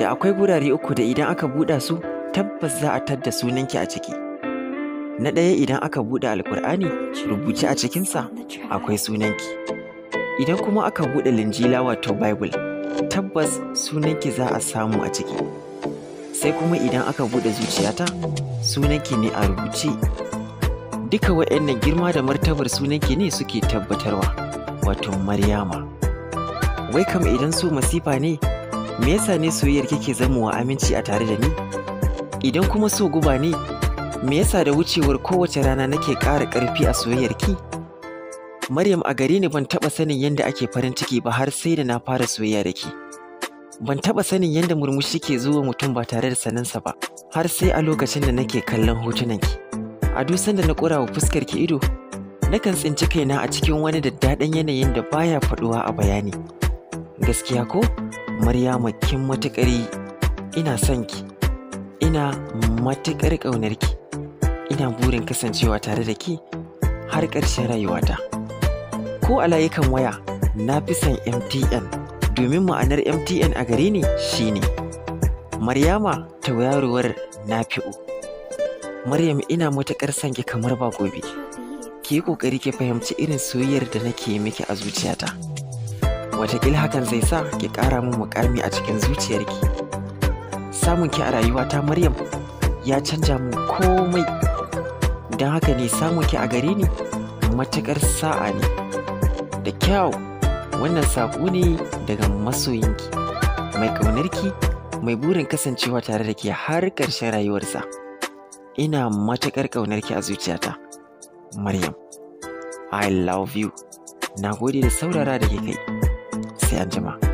da akwai gurare uku da idan aka buɗa su tabbas za a tadda sunanki a ciki. Na ɗaya idan aka buɗe alkur'ani rubuce a cikinsa akwai sunanki. Idan kuma aka buɗe linjila wato Bible tabbas sunanki za a samu a ciki. Sai kuma idan aka buɗe zuciyata sunanki ne a rubuce. Duka waɗannan girma da martabar sunanki ne suke tabbatarwa wato Maryama. Wai kam idan su masifa ne me yasa ne soyayyar kike wa aminci a tare da ni idan kuma so guba ne me yasa da wucewar kowace rana nake ƙara ƙarfi a soyayyar ki Maryam a gare ni ban taɓa sanin yadda ake farin ciki ba har sai da na fara soyayya da ki ban taɓa sanin yadda murmushi ke zuwa mutum ba tare da saninsa ba har sai a lokacin da nake kallon hotunan ki. a dusan da na kurawa fuskar ki ido nakan tsinci kaina a cikin wani daddaɗan yanayin da baya faɗuwa a bayani gaskiya ko Maryama kin matuƙari ina son ki ina matuƙar ƙaunar ki ina burin kasancewa tare da ki har ƙarshen rayuwata ko a layukan waya na fi son MTN domin ma'anar MTN a gare ni shine Maryama na Nafi'u Maryam ina matuƙar son ki kamar ba gobe ki yi ƙoƙari ki fahimci irin soyayyar da nake miki a zuciyata watakila hakan zai sa ki ƙara min mukami a cikin zuciyarki samun ki a rayuwata maryam ya canja mu komai don haka ne samun ki a gare ni matuƙar sa'a ne da kyau wannan saƙo ne daga masoyinki mai ƙaunarki mai burin kasancewa tare da ke har ƙarshen rayuwarsa ina matuƙar ƙaunarki a zuciyata maryam i love you na gode da saurara da ke kai ASEAN ဖြစ်မှာ